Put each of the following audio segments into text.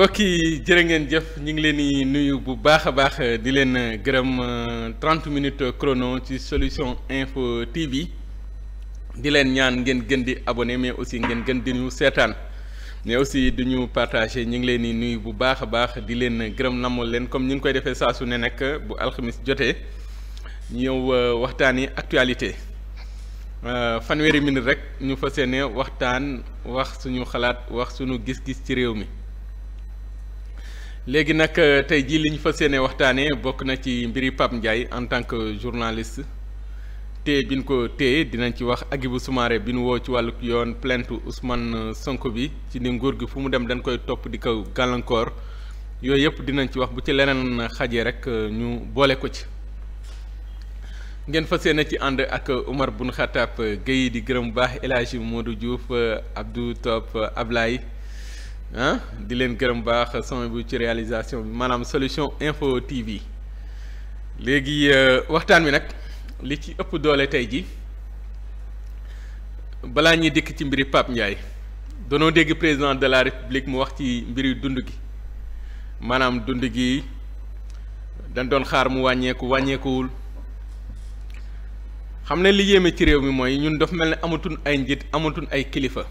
mbokk yi jërë ngeen jëf ñu ngi leen di nuyu bu baax a baax di leen gërëm 30 euh, minutes chrono ci solution info TV di leen ñaan ngeen gën di abonné mais aussi ngeen gën di ñu seetaan mais aussi du ñu partagé ñu ngi leen di nuyu bu baax a baax di leen gërëm namool leen comme ñu ngi koy defee saa su ne nag bu alxamis jotee ñëw euh, waxtaani actualité euh, fanweeri minute rek ñu fas yéene waxtaan wax suñu xalaat wax suñu gis-gis ci réew mi. léegi nag euh, tey jii li ñu fas yéene waxtaanee bokk na ci mbiri Pape Ndiaye en tant que journaliste te bi ko téye dinañ ci wax Agibou Soumaré bi nu woo ci wàllu yoon plainte Ousmane euh, Sonko bi ci ni nguur gi fu mu dem dañ koy topp di ko gàllankoor yooyu yëpp dinañ ci wax bu ci leneen xajee rek euh, ñu boole ko ci. ngeen fas yéene ci ànd ak Omar Bun Xataab Guèye di gërëm bu baax El Hadji du Diouf Abdou Top Ablaye. di leen gërëm baax son bu ci réalisation bi maanaam solution info TV léegi euh, waxtaan wi nag li ci ëpp doole tey ji balaa ñuy dikk ci mbiri Pape Ndiaye danoo dégg président de la république mu wax ci mbiri dund gi maanaam dund gi dañ doon xaar mu wàññeeku wàññeekuwul xam ne li yéeme ci réew mi mooy ñun dafa mel ne amatuñ ay njiit amatuñ ay kilifa.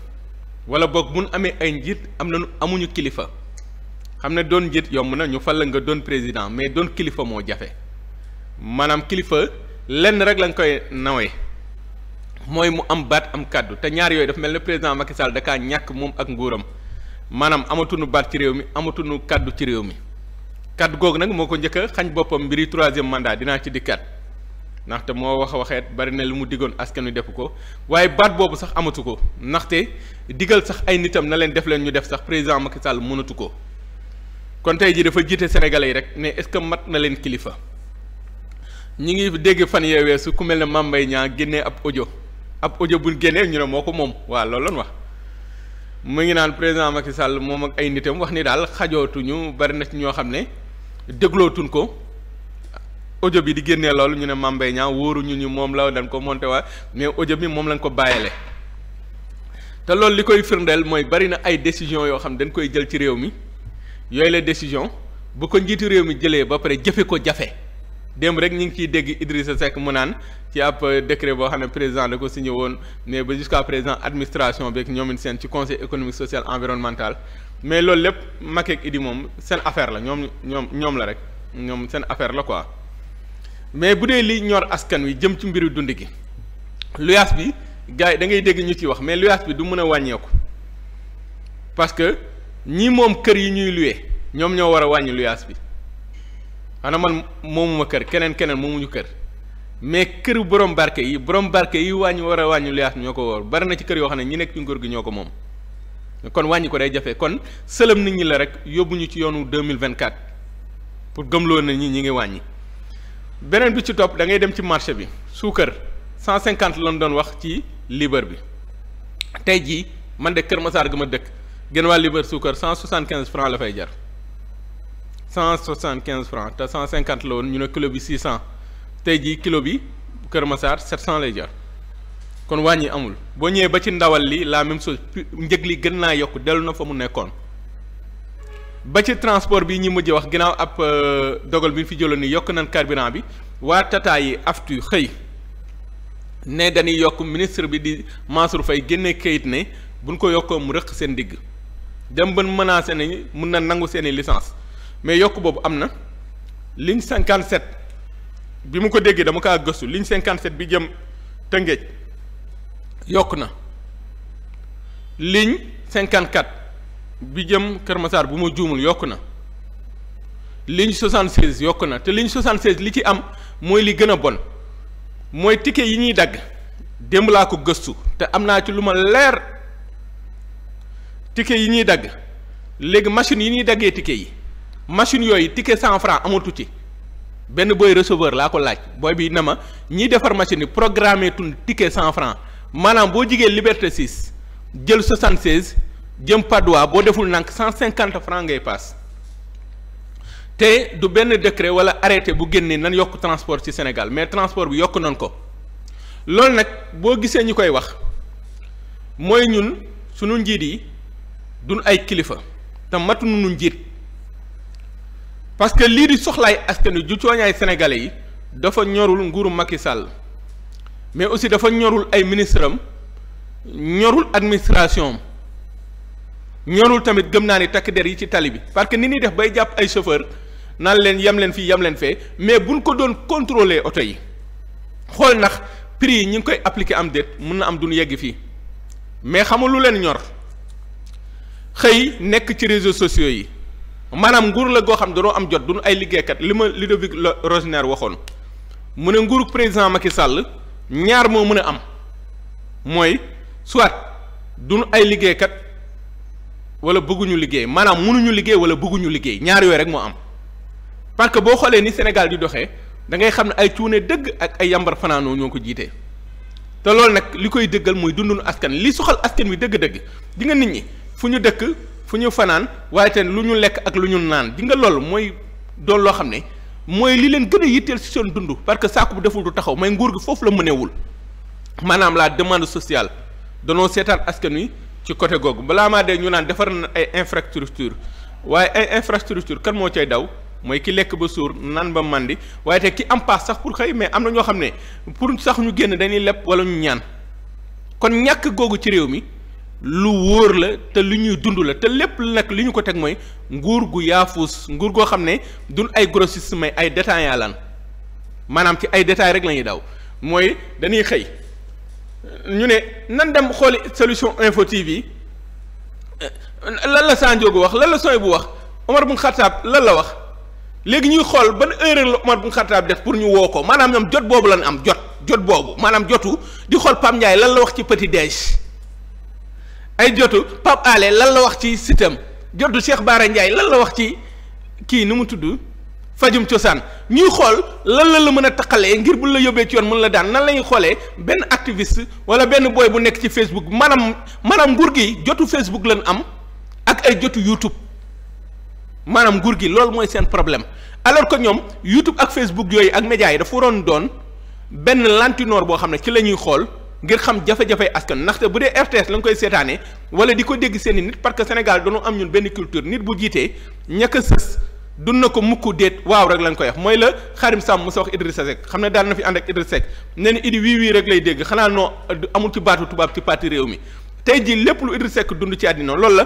wala boog mun amee ay njiit am nañu amuñu kilifa xam ne doon njiit yomb na ñu fal la nga doon président mais doon kilifa moo jafe maanaam kilifa lenn rek lañ koy nawe mooy mu am baat am kàddu te ñaar yooyu dafa mel ne président Macky Sall da ñàkk moom ak nguuram maanaam amatuñu baat ci réew mi amatuñu kàddu ci réew mi kàddu googu nag moo ko njëkk xañ boppam mbiri troisième mandat dinaa ci dikkaat ndaxte moo wax waxeet bari na lu mu diggoon askan wi def ko waaye baat boobu sax amatu ko ndaxte digal sax ay nitam na leen def leen ñu def sax président Macky sàll mënatu ko kon tey jii dafa jiite Sénégalais yi rek mais est-ce que mat na leen kilifa ñi ngi dégg fan yee weesu ku mel ne Mame Mbaye Niang génnee ab audio ab audio bu génnee ñu ne moo ko moom waa loolu wax mu ngi naan président Macky Sall moom ak ay nitam wax ni daal xajootuñu bari na ci ñoo xam ne déglootuñ ko. ojo bi di génnee loolu ñu ne Mame Mbaye Niang wóoruñu ñu moom la dañ ko monté waa mais audio bi moom lañ ko bàyyale te loolu li koy firndeel mooy bari na ay décision yoo xam ne dañ koy jël ci réew mi yooyu la décision bu ko njiitu réew mi jëlee ba pare jëfe ko jafe démb rek ñu ngi ciy dégg Idrissa Seck mu naan ci ab euh, décret boo xam ne président da ko signé woon mais ba jusqu'à présent administration beeg ñoom seen ci conseil économique social environnemental mais loolu lépp Macky ak Idi moom seen affaire la ñoom ñoom ñoom la rek ñoom seen affaire la quoi mais bu dee li ñor askan wi jëm ci mbiru dund gi luyaas bi gars yi da dégg ñu ci wax mais luyaas bi du mën a wàññeeku parce que ñi moom kër yi ñuy luye ñoom ñoo war a wàññi luyaas bi xana man moomuma kër keneen keneen moomuñu kër mais këru borom barke yi borom barke yi wàññi war a wàññi luyaas ñoo ko war bari na ci kër yoo xam ne ñi nekk ci nguur gi ñoo ko moom kon wàññi ko day jafe kon sëlëm nit ñi la rek yóbbu ñu ci yoonu deux mille vingt-quatre pour gëmloo na ñi ñi ngi wàññi. beneen bi ci topp da ngay dem ci marché bi suukar cent cinquante lan doon wax ci liibar bi tey jii man de Kër Masaar ga ma dëkk gën waa liibar suukar cent soixante quinze franc la fay jar cent soixante quinze franc te cent cinquante la ñu ne kilo bi six cent tey jii kilo bi Kër Masaar sept cent lay jar kon wàññi amul boo ñëwee ba ci ndawal li la même chose njëg li gën naa yokk dellu na fa mu nekkoon ba ci transport bi ñi mujj wax ginnaaw ab euh, dogal bi fi jëloon ni yokk nañ carburant bi waa Tata yi aftu xëy ne dañuy yokk ministre bi di Mansour fay génne kayit ne buñ ko yokkoo mu rëq seen digg dem ban menacé nañu mun na nangu seen i licence mais yokk boobu am na ligne 57 bi mu ko déggee dama kaa gëstu ligne 57 bi jëm Tëngéej yokk na ligne 54. bi jëm Kër Massar bu ma juumul yokk na ligne 76 yokk na te ligne 76 li ci am mooy li gën a bon mooy ticket yi ñuy dagg démb laa ko gëstu te am naa ci lu ma leer ticket yi ñuy dagg léegi machine yi ñuy daggee ticket yi machine yooyu ticket cent franc amatu ci benn booy receveur laa ko laaj booy bi na ma ñiy defar machine yi programmé tun ticket cent franc maanaam boo jigee liberté 6 jël 76. jëm Padois boo deful nank cent cinquante francs ngay paas te du benn décret wala arrêté bu génnee nan yokk transport ci Sénégal mais transport bi yokk nañ ko loolu nag boo gisee ñu koy wax mooy ñun sunu njiit yi duñ ay kilifa te matuñu nu njiit parce que lii di soxlaay askan wi ju cooñaay sénégalais yi dafa ñorul nguuru Macky Sall mais aussi dafa ñorul ay ministre am ñorul administration ñorul tamit gëm naa ni takk der yi ci tali bi parce que ni ñuy def bay jàpp ay chauffeur naan leen yem leen fii yem leen fee mais buñ ko doon contrôler oto yi xool ndax prix yi ñu ngi koy appliquer am déet mun na am duñ yegg fii mais xamul lu leen ñor xëy nekk ci réseau sociaux yi maanaam nguur la goo xam danoo am jot duñu ay liggéeykat li ma Ludovic Rosner waxoon mu ne nguurug président Macky Sall ñaar moo mën a am mooy soit duñu ay liggéeykat wala bëgguñu liggéey maanaam mënuñu liggéey wala bëgguñu liggéey ñaar yooyu rek moo am parce que boo xoolee ni Sénégal di doxee dangay xam ne ay cuune dëgg ak ay yambar fanaanoo ñoo ko jiitee te loolu nag li koy dëggal mooy dundunu askan li soxal askan wi dëgg-dëgg di nga nit ñi fu ñu dëkk fu ñu fanaan waaye te lu ñu lekk ak lu ñu naan di nga loolu mooy doon loo xam ne mooy li leen gën a yitteel si seen dund parce que saako bu deful du taxaw may nguur gi foofu la maanaam la demande sociale danoo seetaan askan wi ci côté googu balaa maa dee ñu naan defar na ay infrastructure waaye ay infrastructure kan moo cay daw mooy ki lekk ba suur nan ba màndi waaye te ki am paas sax pour xëy mais am na ñoo xam ne pour sax ñu génn dañuy lepp wala ñu ñaan kon ñàkk googu ci réew mi lu wóor la te lu ñuy dund la te lépp nag li ñu ko teg mooy nguur gu yaafus nguur goo xam ne duñ ay grossiste may ay détaillants lan maanaam ci ay détails rek la ñuy daw mooy dañuy xëy ñu ne nan dem xooli solution info TV lan la Sanjogu wax lan la Soy bu wax Omar bun Xattaab lan la wax léegi ñuy xool ban erreur la bu bun Xattaab def pour ñu woo ko maanaam ñoom jot boobu lañ am jot jot boobu maanaam jotu di xool Pape Ndiaye lan la wax ci petit déj ay jotu Pape Alé lan la wax ci sitam jotu Cheikh Bara Ndiaye lan la wax ci kii nu mu tudd. fajum cosaan ñuy xool lan la la mën a taqalee ngir bu la yóbbee ci yoon mën la daan nan lañuy ñuy xoolee benn activiste wala benn booy bu nekk ci Facebook maanaam maanaam nguur gi jotu Facebook lan am ak ay jotu YouTube maanaam nguur gi loolu mooy seen problème alors que ñoom YouTube ak Facebook yooyu ak médias yi dafa waroon doon benn lantinoor boo xam ne ci la ñuy xool ngir xam jafe-jafe askan ndaxte bu dee RTS la nga koy seetaanee wala di ko dégg seen i nit parce que Sénégal dañu am ñun benn culture nit bu jiitee ñàkk a sës dund na ko mukk déet waaw rek lañ koy wax mooy la xaarim sàmm mu sa wax Idrissa Seck xam ne daal na fi ànd ak Idrissa Seck ne ni idi wii rek lay dégg xanaa noo amul ci baatu tubaab ci parti réew mi jii lépp lu Idrissa Seck dund ci àddina lool la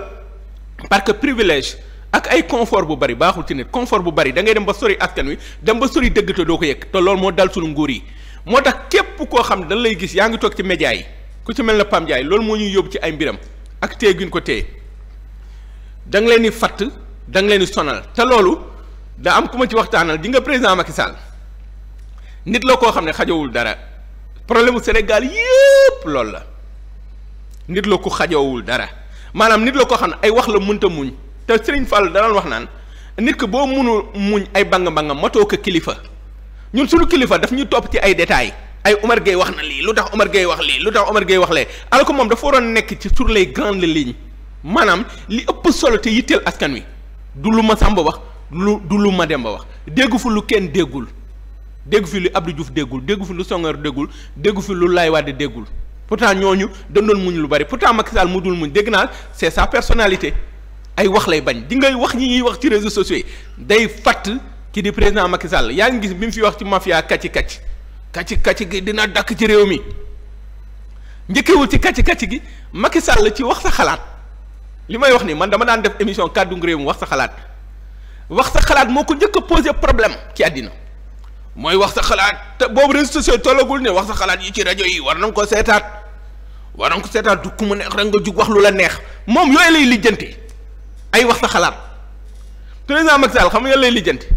parce que privilège ak ay confort bu bari baaxul ci nit confort bu bari da ngay dem ba sori askan wi dem ba sori dëgg te doo ko yëg te lool moo dal suñu nguur yi moo tax képp koo xam ne dañ lay gis yaa ngi toog ci média yi ku ci mel ne Pam lool moo ñuy yóbbu ci ay mbiram ak téye guñ ko téye danga nga leen di fatt danga nga leen sonal te loolu da am ku ma ci waxtaanal di nga président Macky Sall nit la koo xam ne xajowul dara problème mu Sénégal yépp loolu la nit la ku xajowul dara maanaam nit koo xam ne ay wax la mënta muñ te Serigne Fall danaan wax naan nit ki boo mënul muñ ay bang-bangam matoo ko kilifa ñun sunu kilifa daf ñu topp ci ay détails ay Omar Gueye wax na lii lu tax Omar Gueye wax lii lu tax Omar Gueye wax lee alors que moom dafa waroon nekk ci sur les grandes lignes maanaam li ëpp solo te yitteel askan wi. du lu ma Samba wax lu du lu ma ba wax déggu fi lu kenn déggul déggu fi lu Abdou Diouf déggul déggu fi lu Senghor déggul déggu fi lu Laye Wade déggul pourtant ñooñu dandoon muñ lu bari pourtant Macky Sall mu dul muñ dégg naa c'est sa personnalité ay wax lay bañ di ngay wax ñi ñuy wax ci réseaux sociaux day fàtt ki di président Macky Sall yaa ngi gis bi mu fi wax ci mafia kàcci kàcci kàcci kàcci gi dina dakk ci réew mi njëkkewul ci kàcci kàcci gi Macky Sall ci wax sa xalaat. li may wax ni man dama daan def émission kàddu réew mi wax sa xalaat wax sa xalaat moo ko njëkk a poser problème ki àddina mooy wax sa xalaat te boobu réseaux sociaux tollagul ne wax sa xalaat yi ci rajo yi war nañ ko seetaat war nañ ko seetaat du ku mu neex rek nga jug wax lu la neex moom yooyu lay lijjante ay wax sa xalaat président Macky Sall xam nga lay lijjanti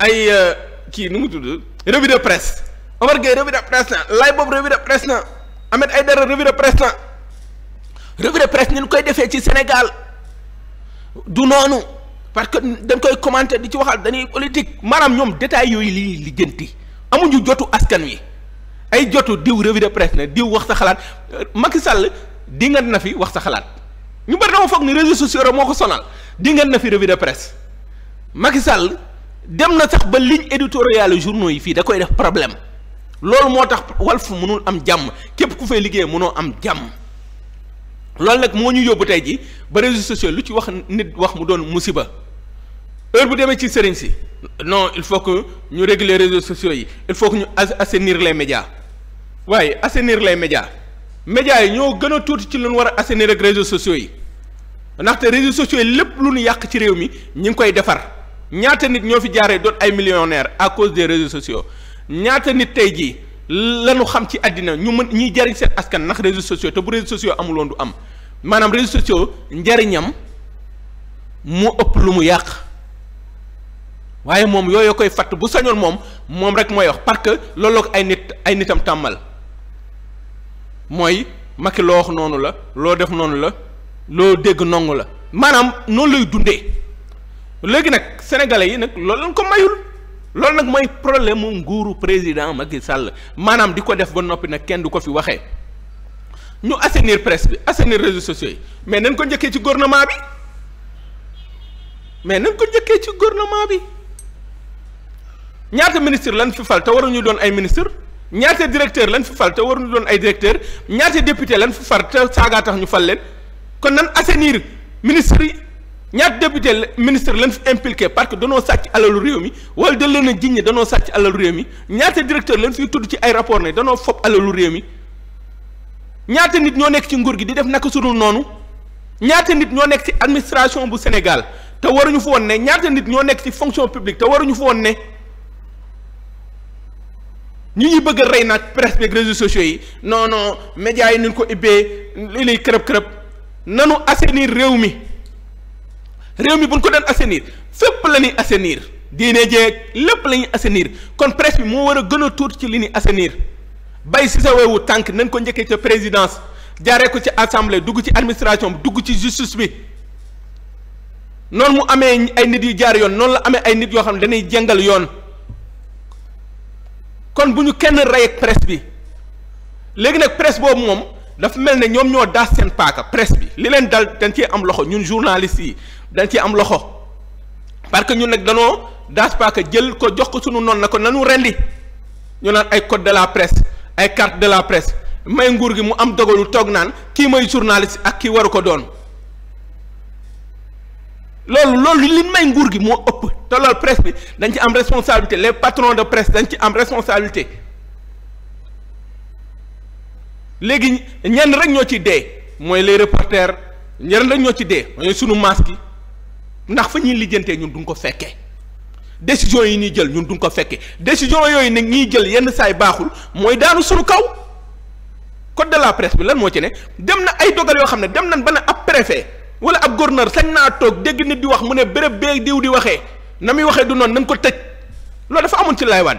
ay euh, kii nu mu tudd revue de presse Omar Gueye revue de na Laye Bob revue de na Ahmed revue de presse ni ñu koy defee ci Sénégal du noonu parce que dañ koy commenter di ci waxal dañuy politique maanaam ñoom détails yooyu li lijjanti amuñu jotu askan wi ay jotu diw revue de presse na diw wax sa xalaat euh, Macky Sall dingat na fi wax sa xalaat ñu bari dama foog ni réseaux sociaux moo ko sonal dingat na fi revue de presse Macky Sall dem na sax ba ligne éditoriale journaux yi fii da koy def problème loolu moo tax Walf mënul am jàmm képp ku fay liggéey mënoo am jàmm loolu nag moo ñu yóbbu tey ji ba réseaux sociaux lu ci wax nit wax mu doon musiba heure bu demee ci sëriñ si non il faut que ñu réguler réseaux sociaux yi il faut que ñu assainir lay médias waaye assainir lay médias médias yi ñoo gën a tuuti ci lu ñu war a assainir ak réseaux sociaux yi ndaxte réseaux sociaux yi lépp lu ñu yàq ci réew mi ñu ngi koy defar ñaata nit ñoo fi jaaree doon ay millionnaire à cause des réseaux sociaux ñaata nit tey jii lanu xam ci àddina ñu mën ñuy jariñ seen askan ndax réseaux sociaux te bu réseaux sociaux amuloon du am maanaam réseaux sociaux njariñam mu ëpp lu mu yàq waaye moom yooyu koy fatt bu sañoon moom moom rek mooy wax parce que looloo ko ay nit ay nitam tàmbal mooy Macky loo wax noonu la loo def noonu la loo dégg nongu la maanaam noonu lay dundee léegi nag sénégalais yi nag loolu lañ ko mayul loolu nag mooy problème mu nguuru président Macky Sall maanaam di ko def ba noppi nag kenn du ko fi waxee ñu assainir presse bi assainir réseaux sociaux yi mais nañ ko njëkkee ci gouvernement bi mais nañ ko njëkkee ci gouvernement bi ñaata ministre lan fi fal te waruñu doon ay ministre ñaata directeur lan fi fal te waruñu doon ay directeur ñaata député lan fi far te saagaa tax ñu fal leen kon nan assainir ministre ñaat député ministre lañ fi impliqué parce que danoo sàcc alalu réew mi wala da na a jiñ ne danoo sàcc alalu réew mi ñaata directeur lañ fiy tudd ci ay rapport ne danoo fob alalu réew mi ñaata nit ñoo nekk ci nguur gi di def naka sudul noonu ñaata nit ñoo nekk ci administration bu Sénégal te waruñu fa woon ne ñaata nit ñoo nekk ci fonction publique te waruñu fa woon ne ñu ñuy bëgg a rey naag presse beeg réseaux sociaux yi non non yi nañ ko ubbee li lay kërëb kërëb nanu assainir réew mi. réew mi bu ñu ko doon assenir fépp la ñuy assainir diine jeeg lépp la ñuy assainir kon presse bi moo war a gën a tuuti ci li ñuy assenir bay si sa wewu tànk nañ ko njëkkee ca présidence jaaree ko ci assemblée dugg ci administration bi dugg ci justice bi noonu mu amee ay nit yu jaar yoon noonu la amee ay nit yoo xam ne dañuy jàngal yoon kon bu ñu kenn rey ak presse bi léegi nag presse boobu moom dafa mel ne ñoom ñoo daas seen paaka presse bi li leen dal dañ cee am loxo ñun journalistes yi dañ ci am loxo parce que ñun nag danoo daas paaka jël ko jox ko sunu noonu na ko nanu rendi ñu naan ay code de la presse ay carte de la presse may nguur gi mu am dogalu toog naan kii may journaliste ak kii waru ko doon loolu loolu li may nguur gi moo ëpp te loolu bi dañ ci am responsabilité les patrons de presse dañ ci am responsabilité léegi ñenn rek ñoo ci dee mooy les reporters ñenn rek ñoo ci dee mooy sunu masque gi ndax fa ñuy lijjantee ñun duñ ko fekkee décision yi ñuy jël ñun duñ ko fekkee décision yooyu nag ñuy jël yenn saay baaxul mooy daanu sunu kaw code de la presse bi lan moo ci ne dem na ay dogal yoo xam ne dem nañ ba ne ab préfet wala ab gouverneur sañ naa toog dégg nit di wax mu ne béréb bee diw di waxee na muy waxee du noonu nañ ko tëj loolu dafa amoon ci lay Wàdd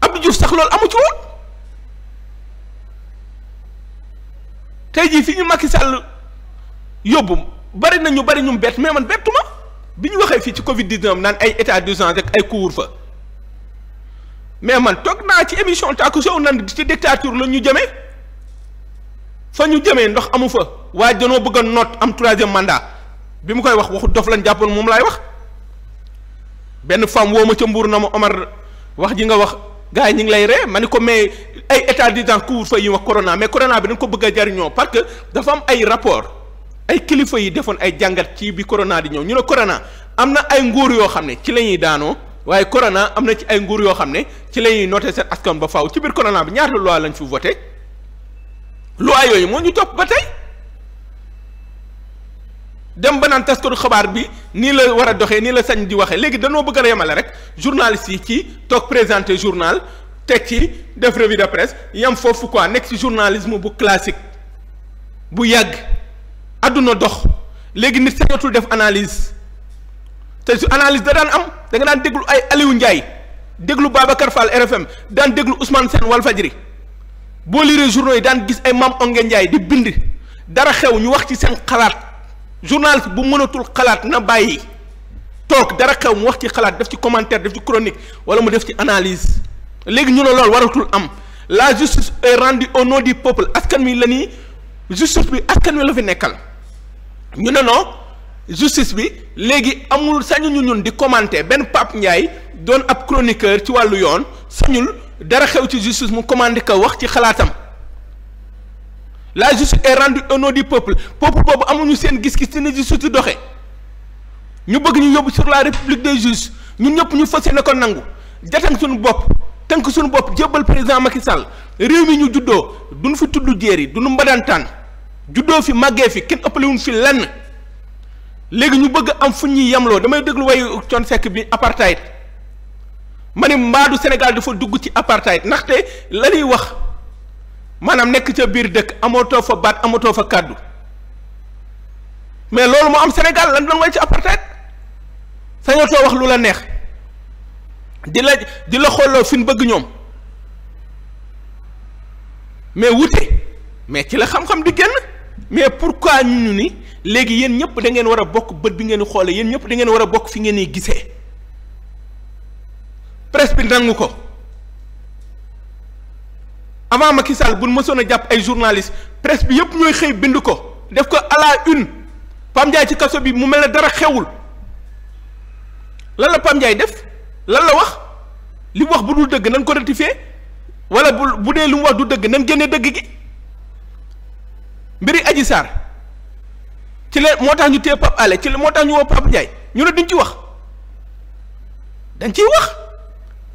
Abdou Diouf sax loolu amul ci woon tey jii fi ñu Macky Sall yóbbu. bari na ñu bari ñu bett mais man bettu ma bi ñu waxee fii ci Covid 19 naan ay état d'urgence rek ay couvre-feu mais man toog naa ci émission Taku Show nan ci dictature la ñu jëmee fa ñu jëmee ndox amu fa waaye danoo bëgg a noot am troisième mandat bi mu koy wax waxu dof lañ jàppoon moom laay wax benn femme woo ma ca Mbour na mu Omar wax ji nga wax gars yi ñu ngi lay ree ma ne ko mais ay état d'urgence couvre-feu yi wax corona mais corona bi dañ ko bëgg a jariñoo parce que dafa am ay rapport ay kilifa yi defoon ay jàngat ci bi corona di ñëw ñu ne corona am na ay nguur yoo xam ne ci la ñuy daanoo waaye corona am na ci ay nguur yoo xam ne ci la ñuy noté seen askan ba faw ci biir corona bi ñaata loi lañ fi voté loi yooyu moo ñu topp ba tey dem ba naan taskatu xabaar bi nii la war a doxee nii la sañ di waxee léegi danoo bëgg a yemale rek journaliste yi ci toog présenté journal teg ci def revue de presse yam foofu quoi nekk ci journalisme bu classique bu yàgg. àdduna dox léegi nit sañatul def analyse te su analyse da daan am danga daan déglu ay Aliou Ndiaye déglu Babacar Fall RFM daan déglu Ousmane Sène Walfadjri boo liiree journaux yi daan gis ay Mame Ongué Ndiaye di bind dara xew ñu wax ci seen xalaat journaliste bu mënatul xalaat na bàyyi toog dara xew mu wax ci xalaat def ci commentaire def ci chronique wala mu def ci analyse léegi ñu ne lool waratul am la justice est rendue au nom peuple askan wi la nii justice bi askan wi la fi nekkal. ñu ne non justice bi léegi amul ñu ñun di commenter benn Pape Ndiaye doon ab chroniqueur ci wàllu yoon sañul dara xew ci justice mu commandé ko wax ci xalaatam la justice est rendue au nom du peuple peuple boobu amuñu seen gis-gis dina justice di doxee ñu bëgg ñu yóbbu sur la république des juges ñun ñëpp ñu fas yéene ko nangu jatan suñu bopp tënk suñu bopp jébbal président Macky Sall réew mi ñu juddoo duñ fi tudd jéer yi duñu mbadantaan juddoo fi màggee fi kenn ëppalewuñ fi lenn léegi ñu bëgg am fu ñuy yemloo damay déglu wayu Thione Seck bi apartheid ma ne mbaadu Sénégal dafa dugg ci apartheid ndaxte la wax maanaam nekk ca biir dëkk amatoo fa baat amatoo fa kàddu mais loolu moo am Sénégal lan doon way ci apartheid sañatoo wax lu la neex di la di la xooloo fi ñu bëgg ñoom mais wute mais ci la xam-xam di génn mais pourquoi ñu ni léegi yéen ñëpp da ngeen war a bokk bët bi ngeen di xoolee yéen ñëpp da ngeen war a bokk fi ngeen di gisee presse bi nangu ko avant Macky Sall bu mësoon a jàpp ay journaliste presse bi yëpp ñooy xëy bind ko def ko à la une Pam Ndiaye ci kaso bi mu mel ne dara xewul lan la Pam Ndiaye def lan la wax li wax bu dul dëgg nañ ko rectifier wala bu bu dee lu mu wax du dëgg nan génnee dëgg gi. mbiri aji saar ci la moo tax ñu téye Pape ci la moo tax ñu woo Pape Ndiaye ñu ne duñ ci wax dañ ciy wax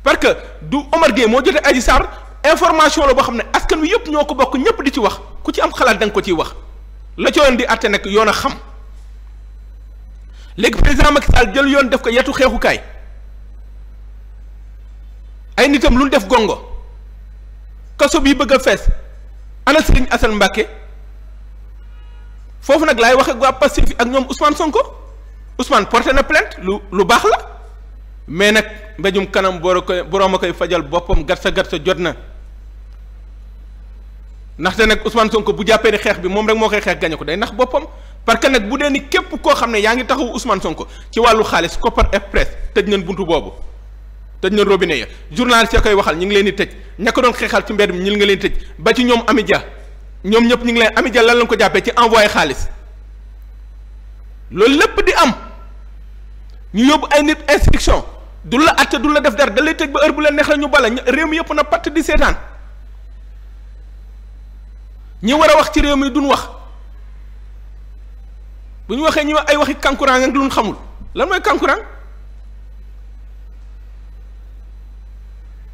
parce que du Omar Gueye moo jotee aji saar information la boo xam ne askan wi yëpp ñoo ko bokk ñëpp di ci wax ku ci am xalaat da ko ciy wax la cooyoon di àtte nag yoon a xam léegi président Macky Sall jël yoon def ko yetu xeexukaay ay nitam lu def gongo kaso bii bëgg a fees ana Serigne Assane Mbacké foofu nag laay wax ak waa Pastef ak ñoom Ousmane Sonko Ousmane porté na plainte lu lu baax la mais nag mbéjum kanam boro koy boroom a koy fajal boppam gat sa gat sa jot na ndaxte nag Ousmane Sonko bu jàppee ni xeex bi moom rek moo koy xeex gañe ko day nax boppam parce que nag bu dee ni képp koo xam ne yaa ngi taxaw Ousmane Sonko ci wàllu xaalis koppar express tëj nañ buntu boobu tëj nañ robinet ya journaliste ya koy waxal ñu ngi leen di tëj ña ko doon xeexal ci mbedd mi ñu ngi leen di ba ci ñoom Amidia ñoom ñëpp ñu ngi leen Amidia lan lañ ko jàppee ci envoyé xaalis loolu lépp di am ñu yóbbu ay nit instruction du la atte du la def dara da lay tëj ba heure bu leen neex la ñu bala réew mi yëpp na patt di seetaan ñi war a wax ci réew mi duñ wax bu ñu waxee ñi ay waxi kankurang ak lu ñu xamul lan mooy kankurang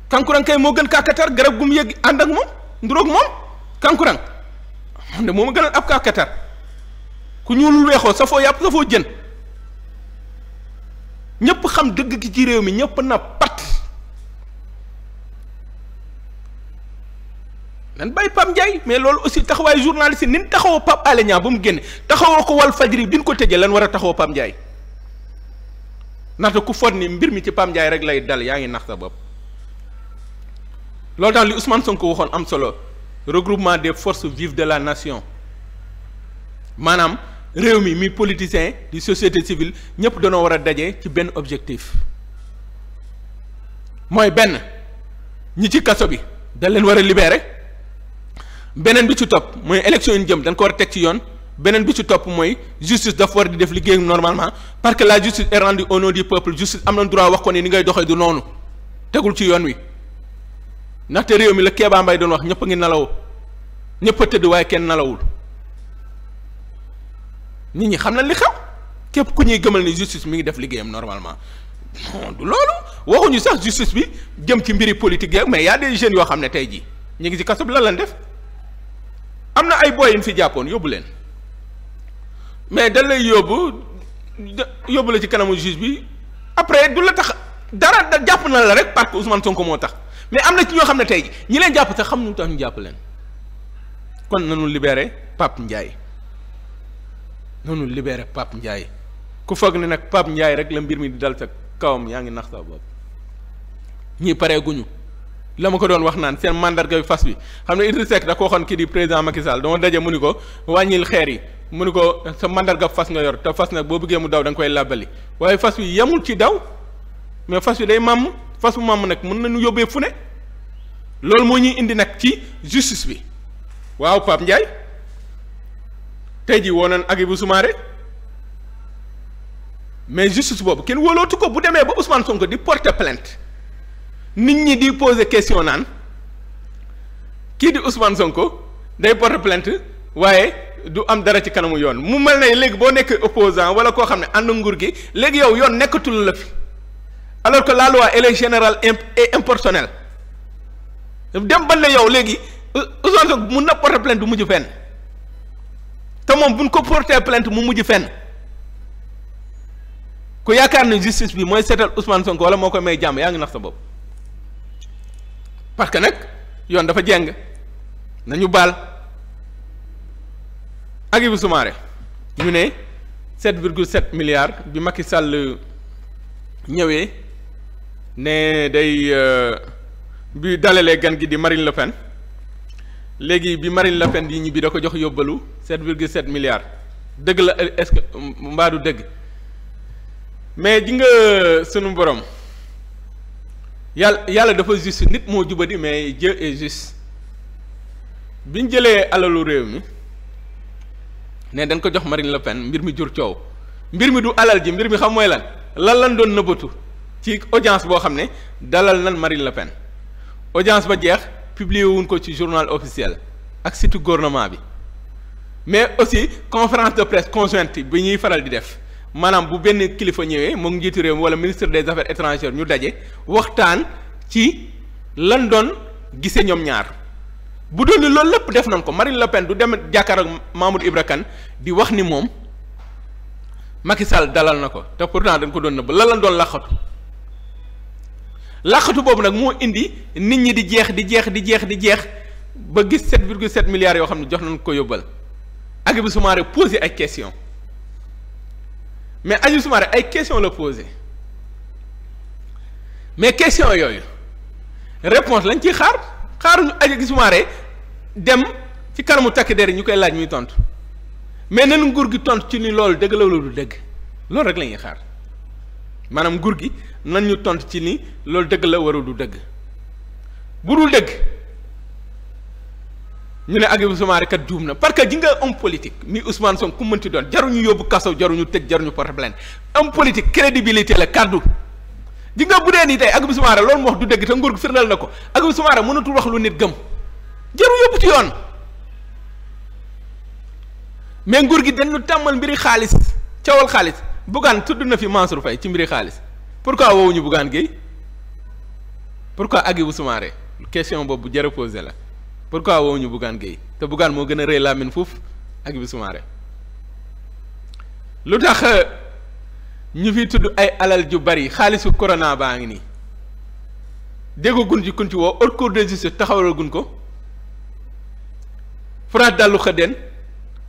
kankurang kay moo gën kàkkatar garab gu mu yëg ànd ak moom nduróog moom kankurang man de moom a gënal ab kàkkatar ku ñuul weexoo safoo yàpp safoo jën ñépp xam dëgg ki ci réew mi ñépp na pat nan bàyyi Pape Ndiaye mais loolu aussi taxawaayu journaliste yi nin taxawoo Pape Alé Niang mu génne taxawoo ko wal fajri bi ñu ko tëjee lan war a taxawoo Pape Ndiaye ndaxte ku foot ni mbir mi ci Pape njaay rek lay dal yaa ngi nax sa bopp loolu tax li Ousmane ko waxoon am solo regroupement des force vives de la nation maanaam réew mi mi politicien di société civile ñëpp danoo war a daje ci benn objectif mooy benn ñi ci kaso bi dañ leen war a libérer beneen bi ci topp mooy élection yi ñu jëm dañ ko war a teg ci yoon beneen bi ci topp mooy justice dafa war di def liggéeyam normalement parce que la justice est rendue au nom du peuple justice am na droit wax ko ni ni ngay doxee du noonu tegul ci yoon wi. ndaxte réew mi la Kéba Mbaye doon wax ñëpp a ngi nelaw ñëpp a tëdd waaye kenn nelawul nit ñi xam na li xew képp ku ñuy gëmal ni justice mi ngi def liggéeyam normalement non loolu waxuñu sax justice bi jëm ci mbiri politique yeeg mais y a des jeunes yoo xam ne tey jii ñu ngi ci kaso bi la lan def am na ay boy yu fi jàppoon yóbbu leen mais dañ lay yóbbu yóbbu la ci kanamu juge bi après du la tax dara da jàpp na la rek parce que Ousmane Sonko moo tax. mais am na ci ñoo xam ne tey ñi leen jàpp sax xam nu tax ñu jàpp leen kon nanu libéré Pape Ndiaye nanu libéré Pape Ndiaye ku foog ni nag Pape njaay rek la mbir mi di dal sa kawam yaa ngi nax sa bopp ñi paree guñu la ma ko doon wax naan seen mandarga bi fas bi xam ne Idriss Seck da ko waxoon kii di président Macky Sall dama daje mu ni ko wàññil xeer yi mu ni ko sa mandarga fas nga yor te fas nag boo bëggee mu daw da koy làbbali waaye fas bi yemul ci daw mais fas bi day màmm fasu maam nag mën nañu yóbbee fu ne loolu moo ñuy indi nag ci justice bi waaw Pape Ndiaye tey jii woo nañ Hadjibou Soumaré mais justice boobu kenn wóolootu ko bu demee ba Ousmane Sonko di porter plainte nit ñi di poser question naan kii di Ousmane Sonko day porter plainte waaye du am dara ci kanamu yoon mu mel ne léegi boo nekkee opposant wala koo xam ne ànd nguur gi léegi yow yoon nekkatul la fi. alors que la loi général est générale et impersonnelle dem ban la yow léegi euh, Ousmane Sonko mun na porter plainte du mujj fenn te moom bu ñu ko porter plainte mu mujj fenn ku yaakaar ne justice bi mooy seetal Ousmane Sonko wala moo koy may jàmm yaa ngi nax sa bopp parce que nag yoon dafa jeng nañu baal ak Hadjibou Soumaré ñu ne 7,7 milliards bi Macky Sall ñëwee. ne day euh, bi dalalee gan gi di Marine Le Pen léegi bi Marine Le Pen yi ñibbi da ko jox yóbbalu set virgule sept milliards dëgg la est-ce que mbaa du dëgg mais ji nga sunu borom yàlla yàlla dafa juste nit moo jubadi mais jë est juste bi ñu jëlee alalu réew mi ne dañ ko jox Marine Le Pen mbir mi jur coow mbir mi du alal ji mbir mi xam mooy lan lan lan doon nëbbatu ci audience boo xam ne dalal nan Marine Le Pen audience ba jeex publier wuñ ko ci journal officiel ak site gouvernement bi mais aussi conférence de presse conjointe bi ñuy faral di def maanaam bu benn kilifa ñëwee moom njiitu réew wala ministre des affaires étrangères ñu daje waxtaan ci lan doon gisee ñoom ñaar bu doon loolu lépp def nañ ko Marine Le Pen du dem jàkkaar ak Mamoud Ibra Kane di wax ni moom Macky dalal na ko te pour pourtant dañ ko doon nëbb lan lan doon laxatu làqatu boobu nag moo indi nit ñi di jeex di jeex di jeex di jeex ba gis 7,7 milliards yoo xam ne jox nañ ko yóbbal Hadjibou Soumaré posé ay questions mais Hadjibou Soumaré ay questions la posé mais question yooyu réponse lañ ciy xaar xaaruñu Hadjibou Soumaré dem ci kanamu takki der ñu koy laaj muy tontu mais nan nguur gi tontu ci ni loolu dëgg la wala du dëgg loolu rek la ñuy xaar. maanaam nguur gi nan ñu tont ci ni loolu dëgg la warul du dëgg bu dul dëgg ñu ne Hadjibou Soumaré kat juum na parce que ji nga homme politique mi Ousmane Sonko ku mënti doon jaruñu yóbbu kaso jaruñu tëj jaruñu porte plainte homme politique crédibilité la kàddu ji nga bu dee nii tey Hadjibou Soumaré loolu mu wax du dëgg te nguur gi firndal na ko Hadjibou Soumaré mënatul wax lu nit gëm jaru yóbbu ci yoon mais nguur gi dañu tàmmal mbiri xaalis cawal xaalis Bougane tudd na fi Mansour Faye ci mbiri xaalis pourquoi woowuñu Bougane Gueye pourquoi Hadjibou Soumaré question boobu jërë posé la pourquoi woowuñu Bougane Gueye te Bougane moo gën a rëy làmmiñ foofu Hadjibou Soumaré lu tax euh, ñu fi tudd ay alal ju bari xaalisu corona baa ngi nii déggagun ci kun ci woo haute cour de justice taxawalagun ko furaat dallu xëddeen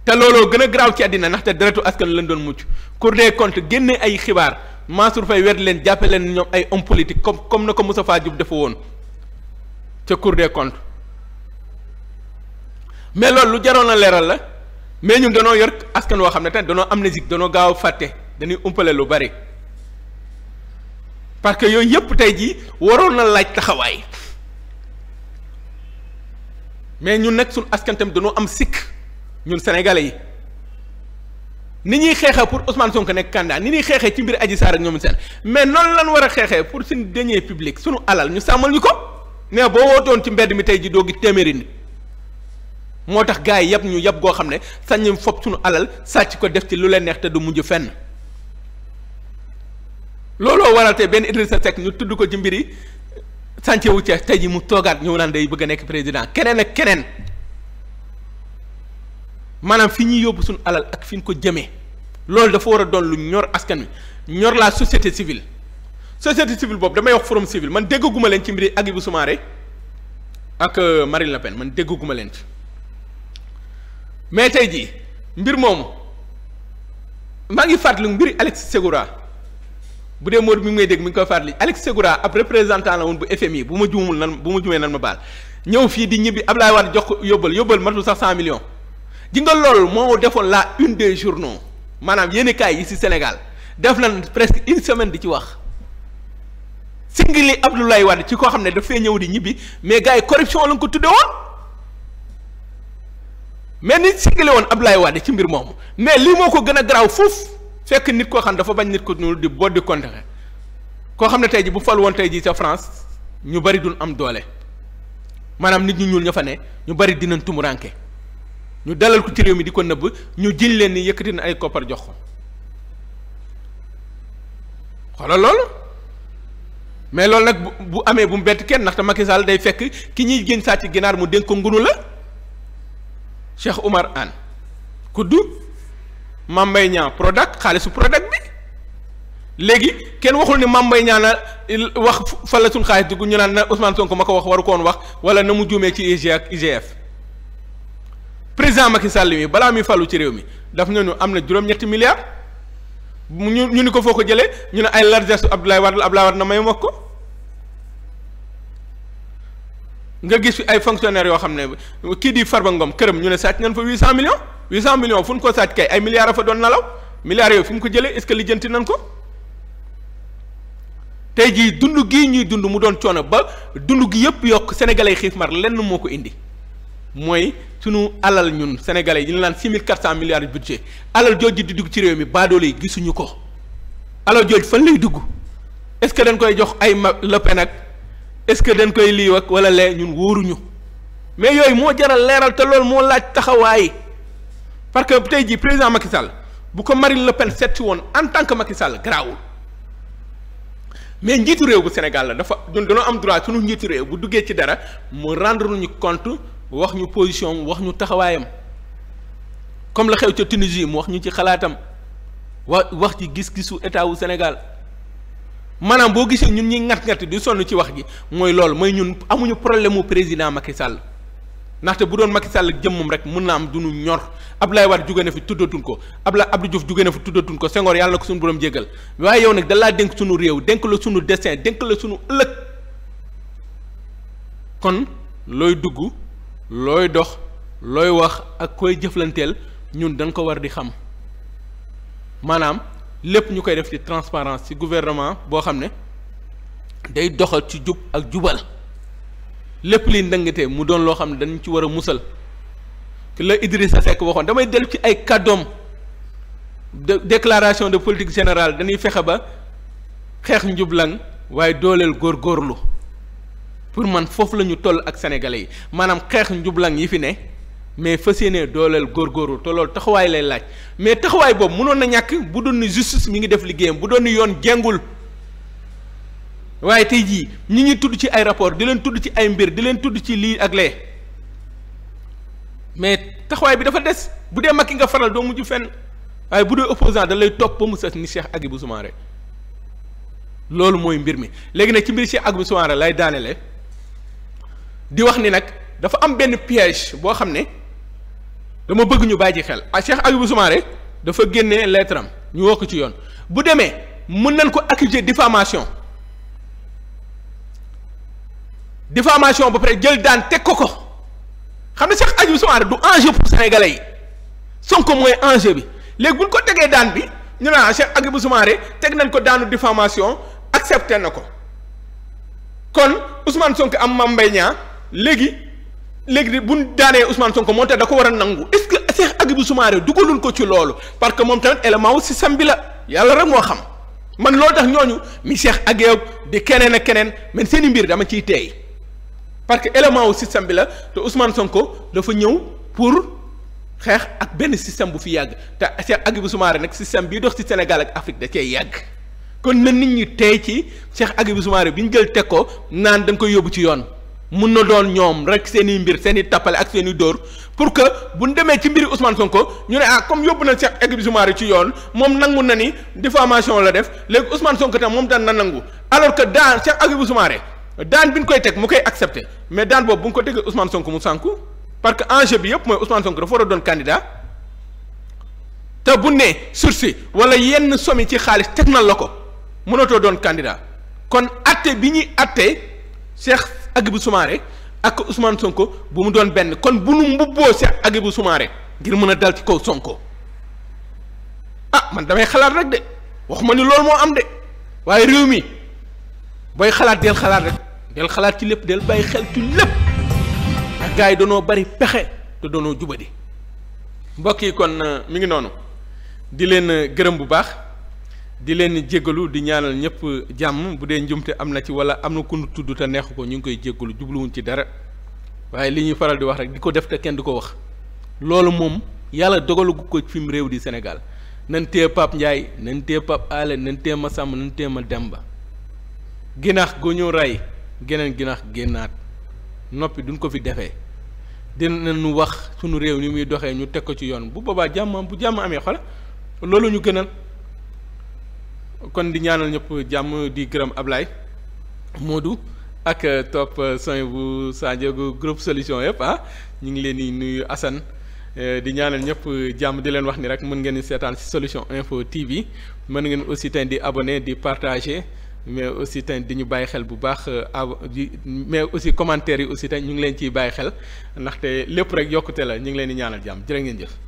te looloo gën a garaaw ci àddina ndaxte deretu askan lañ doon mucc Cour des comptes génne ay xibaar Mansour Faye wet leen jàppe leen ñoom ay homme politique comme comme na ko Moustapha Diop dafa woon ca Cour des comptes mais loolu lu jaroon a leeral la mais ñun danoo yor askan woo xam ne am na amnésique danoo gaaw a fàtte dañuy umpale lu bari parce que yooyu yëpp tey jii waroon na laaj taxawaay mais ñun nag suñu askan tamit danoo am sikk ñun sénégalais yi ni ñuy xeexee pour Ousmane Sonko nekk candidat ni ñuy xeexee ci mbir Adji Sarr ñoomu seen mais noonu lan war a xeexee pour suñu deniers publics suñu alal ñu sàmmal ñu ko mais boo wootoon ci mbedd mi tey ji doogi téeméeri nit moo tax gars yi yëpp ñu yëpp goo xam ne saññu fopp suñu alal sàcc ko def ci lu leen neex te du mujj fenn looloo waral te benn sa Seck ñu tudd ko ci mbiri yi sànce wu Cees tey ji mu toogaat ñëw naan day bëgg a nekk président keneen ak keneen maanaam fi ñuy yóbbu suñu alal ak fi ñu ko jëmee loolu dafa war a doon lu ñor askan wi ñor la société civile société civile boobu damay wax forum civil man déggaguma leen ci mbiri ak euh, Marine man déggaguma leen ci mais tey jii mbir moomu maa ngi fàttali mbiri Alex Segura bu dee Modou mi ngi may dégg mi ngi koy fàttali Alex Segura ab représentant la woon bu FMI bu ma juumul nan bu ma juumee nan ma baal ñëw fii di ñibbi Ablaye Wade jox ko yóbbal yóbbal matul sax cent million ji nga loolu moo defoon la une des journaux maanaam yéenekaay yi ci Sénégal def nañ presque une semaine di ci wax singili Abdoulaye Wade ci koo xam ne dafay ñëw di ñibbi mais gars yi corruption lañ ko tudde woon mais nit singili woon Abdoulaye Wade ci mbir moomu mais lii moo ko gën a garaaw foofu fekk nit koo xam dafa bañ nit ko ñuul di boddi kontere koo xam ne tey ji bu fal woon tey ji ca France ñu bari duñ am doole maanaam nit ñu ñuul ña fa ne ñu bari dinañ tumuranke ñu dalal ko ci réew mi di ko nëbb ñu jël leen ni yëkkati na ay koppar jox ko xoolal loolu mais loolu nag bu amee bu mu bett kenn ndaxte Macky Sall day fekk ki ñuy génn sàcc ginaar mu dénk ko ngunu la Cheikh Oumar Anne kuddu Mame Mbaye Niang Prodac xaalisu Prodac bi léegi kenn waxul ni Mame Mbaye Niang na wax fa la suñ xaalis dugg ñu naan na Ousmane Sonko ma ko wax waru ko wax wala na mu juumee ci IGF président Macky Sall mi balaa muy fallu ci réew mi daf ñu am na juróom-ñetti mu ñu ñu ni ko foo ko jëlee ñu ne ay largesse Abdoulaye Wade Abdoulaye Wade na may wax ko nga gis fi ay fonctionnaires yoo xam ne kii di far Farba Ngom këram ñu ne sàcc nañ fa huit cent millions huit cent millions fu ñu ko sàcc kay ay milliards a fa doon nalaw milliards yooyu fu ñu ko jëlee est-ce que lijjanti nañ ko tey jii dund gi ñuy dund mu doon coono ba dund gi yëpp yokk sénégalais xiif mar lenn moo ko indi. mooy sunu alal ñun sénégal yi ñu laan six mille quatre cent milliards de budget alal jooju di dugg ci réew mi baadoole yi gisuñu ko alal jooju fan lay dugg est-ce que dañ koy jox ay ma Le Pen ak est-ce que dañ koy lii ak wala lee ñun wóoruñu mais yooyu moo jaral leeral te loolu moo laaj taxawaay parce que tey jii président Macky Sall bu ko mari Le Pen woon en tant que Macky Sall garaawul mais njiitu réew bu Sénégal la dafa ñun dañoo am droit sunu njiitu réew bu duggee ci dara mu rendre ñu compte. wax ñu position wax ñu taxawaayam comme la xew ca Tunisie mu wax ñu ci xalaatam wa wax ci gis-gisu état wu Sénégal maanaam boo gisee ñun ñuy ngat-ngat di sonn ci wax gi mooy lool mooy ñun amuñu problème mu président Macky Sall ndaxte bu doon Macky Sall jëmmam rek mun na am du ñor ab Wade jóge na fi tuddatun ko ab Abdou Diouf jóge na fi tuddatun ko sengoor yàlla na ko bu borom jégal waaye yow nag da laa dénk suñu réew dénk la sunu destin dénk la suñu ëllëg kon looy dugg. looy dox looy wax ak koy jëflanteel ñun dañ ko war di xam maanaam lépp ñu koy def ci transparence ci gouvernement boo xam ne day doxal ci jub ak jubal lépp liy ndëngatee mu doon loo xam ne dañ ci war a musal la Idrissa Seck waxoon damay dellu ci ay kàddoom de déclaration de politique général dañuy fexe ba xeex njublang waaye dooleel góor góorgóorlu pour man foofu la ñu toll ak sénégalais yi maanaam xeex njublang yi fi ne mais fa yéene dooleel góorgóorlu te loolu taxawaay lay laaj mais taxawaay boobu mënoon na ñàkk bu doon ni justice mi ngi def liggéeyam bu doon yoon jengul waaye tey jii ñi ngi tudd ci ay rapport di leen tudd ci ay mbir di leen tudd ci lii ak lee mais taxawaay bi dafa des bu dee Macky nga faral doo mujj fenn waaye bu dee opposant da topp ba mu set ni Cheikh Agibou Soumaré loolu mooy mbir mi léegi nag ci mbir Cheikh Agibou lay daanele di wax ni nag dafa am benn piège boo xam ne dama bëgg ñu bàyyi xel ah Cheikh Ayibou Soumaré dafa génnee lettre am ñu woo ko ci yoon bu demee mën nañ ko accuser diffamation diffamation ba pare jël daan teg ko ko xam ne Cheikh Ayibou Soumaré du enjeu pour sénégalais yi Sonko mooy enjeu bi léegi bu ñu ko tegee daan bi ñu naan ah, Cheikh Ayibou Soumaré teg nañ ko daanu diffamation accepté na ko kon Ousmane Sonko am Mame léegi léegi bu ñu daanee Ousmane Sonko moom tamit da ko war a nangu est ce que Cheikh Hadjibou Soumaré dugalul ko ci loolu parce que moom tamit élément wu système bi la yàlla rek moo xam man loo tax ñooñu mi Cheikh Agueyob di keneen seen i mbir dama ciy teey parce que élément wu système bi la te Ousmane Sonko dafa ñëw pour xeex ak benn système bu fi yàgg te Cheikh Hadjibou Soumaré nag système bii dox ci Sénégal ak Afrique da cee yàgg kon na nit ñi tey ci Cheikh Hadjibou Soumaré bi ñu jël teg ko naan dañ koy yóbbu ci yoon. mun na doon ñoom rek seen i mbir seen i tappale ak seen i dóor pour que bu ñu demee ci mbiri Ousmane Sonko ñu ne ah comme yóbbu na Cheikh Aguibou Soumaré ci yoon moom nangu na ni diffamation la def léegi Ousmane Sonko tam moom daan na nangu alors que daan Cheikh Aguibou Soumaré daan bi ñu koy teg mu koy accepté mais daan boobu bu ñu ko tegee Ousmane Sonko mu sànku parce que enjeu bi yëpp mooy Ousmane Sonko dafa war a doon te bu ne sursis wala yenn somi ci xaalis teg na la ko mënatoo doon candidat kon atte bi ñuy atte Cheikh. Hadjibou Soumaré ak Ousmane Sonko bu mu doon benn kon bu nu mbubboo si Hadjibou Soumaré ngir mën a dal ci kaw Sonko ah man damay xalaat rek de ma ni loolu moo am de waaye réew mi booy xalaat del xalaat rek del xalaat ci lépp del bay xel ci lépp ak gars yi bari pexe te danoo jubadi mbokk yi kon euh, mu ngi noonu di leen euh, gërëm bu baax. di leen jéggalu di ñaanal ñëpp jàmm bu dee njumte am na ci wala am na ku tudd te neexu ko ñu ngi koy jéggalu jubluwuñ ci dara waaye li ñuy faral di wax rek di ko def te kenn du ko wax loolu moom yàlla dogalagu ko fi mu réew di Sénégal nan tee Pape Ndiaye nan tee Pape Alé sàmm tee Massamba nan tee Mademba ginaax gu ñu rey geneen ginaax génnaat noppi duñ ko fi defee dinañu wax sunu réew ni muy doxee ñu teg ko ci yoon bu boobaa jàmm bu jàmm amee xol kon di ñaanal ñëpp jàmm di gërëm Ablaye Modou ak euh, topp euh, soin bu Sandiego groupe solution yëpp ah ñu ngi leen di nuyu Assane euh, di ñaanal ñëpp jàmm di leen wax ni rek mën ngeen di seetaan ci solution info TV mën ngeen aussi tamit di abonné di partager mais aussi tamit di ñu bàyyi xel bu baax mais aussi commentaires yi aussi tamit ñu ngi leen ciy bàyyi xel ndaxte lépp rek yokkute la ñu ngi leen di ñaanal jàmm jërë ngeen jëf.